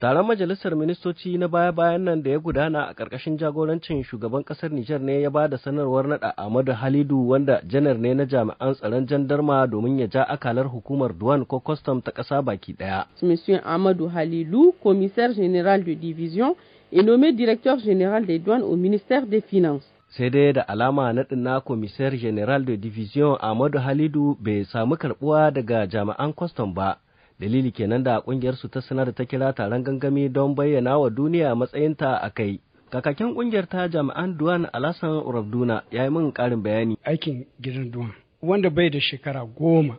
Taron majalisar ministoci na baya-bayan nan da ya gudana a ƙarƙashin jagorancin shugaban ƙasar Nijar ne ya ba da sanarwar naɗa Ahmadu Halidu wanda janar ne na jami'an tsaron jandarma domin ya ja akalar hukumar Duwan ko kwastam ta ƙasa baki ɗaya. Monsieur Ahmadu Halidu, commissaire général de division, est nommé directeur général des douanes au ministère des Finances. sai dai da alama naɗin na commissaire général de division Ahmadu Halidu bai samu karɓuwa daga jami'an kwastam ba dalili kenan da kungiyar su ta sanar ta kira taron gangami don bayyana wa duniya matsayinta a kai kakakin kungiyar ta jami'an duwan alasan urabduna ya yi min karin bayani aikin gidan duwan wanda bai da shekara goma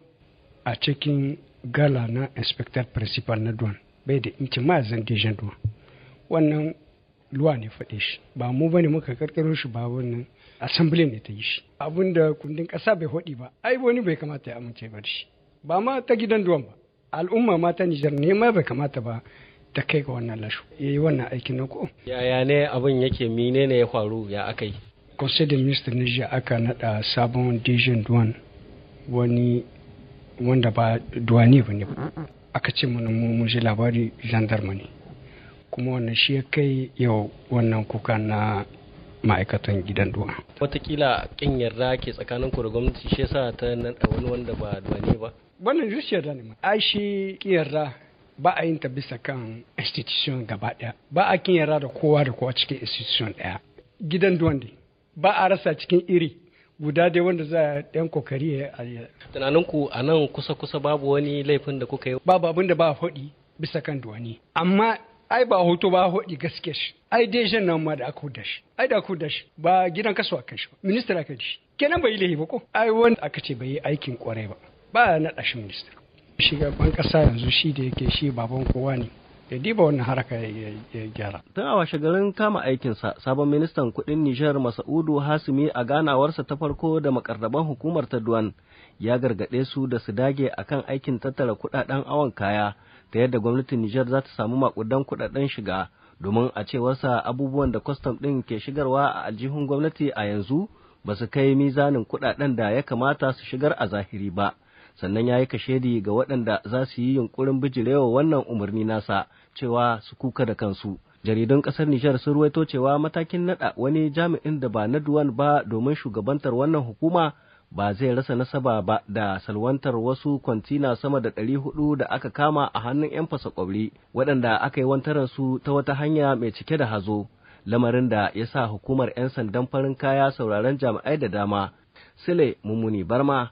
a cikin gala na inspector principal na duwan bai da inci ma duwan wannan luwa ne faɗe shi ba mu bane muka karkaro shi ba wannan assembly ne ta yi shi abinda kundin ƙasa bai hodi ba ai wani bai kamata ya amince ba da shi ba ma ta gidan duwan ba al'umma ma ta Nijar ne ma bai kamata ba ta kai ga wannan lashu yi wannan aikin na ko yaya ne abin yake mine ne ya faru ya akai conseil de ministre Nijar aka naɗa sabon dijin duwan wani wanda ba duwani ba ne aka ce mana mun ji labari gendarme ne kuma wannan shi ya kai yau wannan kuka na ma'aikatan gidan duwa. Wataƙila kin yarda ke tsakanin ku da gwamnati shi yasa ta wani wanda ba duwani ba. wannan da ne ai shi kiyarra ba a yin ta bisa kan institution gaba daya ba a kin da kowa da kowa cikin institution daya gidan duwande ba a rasa cikin iri guda dai wanda za a ɗan kokari ya tunanin ku a nan kusa kusa babu wani laifin da kuka yi babu abin da ba a faɗi bisa kan duwani amma ai ba hoto ba hodi gaske shi ai dai shan nan ma da aka huda shi ai da aka shi ba gidan kaso kan shi ba minista aka shi kenan bai laifi ba ko ai wani aka ce bai yi aikin kwarai ba ba na ɗashi minista shugaban ƙasa yanzu shi da yake shi baban kowa ne ya diba wannan haraka ya gyara. Tun a washe garin kama aikinsa, sabon ministan kudin Nijar Masa'udu Hasimi a ganawarsa ta farko da makarraban hukumar ta Duwan ya gargaɗe su da su dage a kan aikin tattara kudaden awon kaya ta yadda gwamnatin Nijar za ta samu makudan kudaden shiga domin a cewarsa abubuwan da kwastam ɗin ke shigarwa a aljihun gwamnati a yanzu ba su kai mizanin kudaden da ya kamata su shigar a zahiri ba. sannan ya yi kashedi ga waɗanda za su yi yunkurin bijirewa wannan umarni nasa cewa su kuka da kansu jaridun ƙasar Nijar sun ruwaito cewa matakin naɗa wani jami'in da ba na duwan ba domin shugabantar wannan hukuma ba zai rasa nasaba ba da salwantar wasu kwantina sama da ɗari hudu da aka kama a hannun 'yan fasa-ƙwauri. waɗanda aka yi wantaran su ta wata hanya mai cike da hazo lamarin da ya sa hukumar 'yan sandan farin kaya sauraron jami'ai da dama sile mummuni barma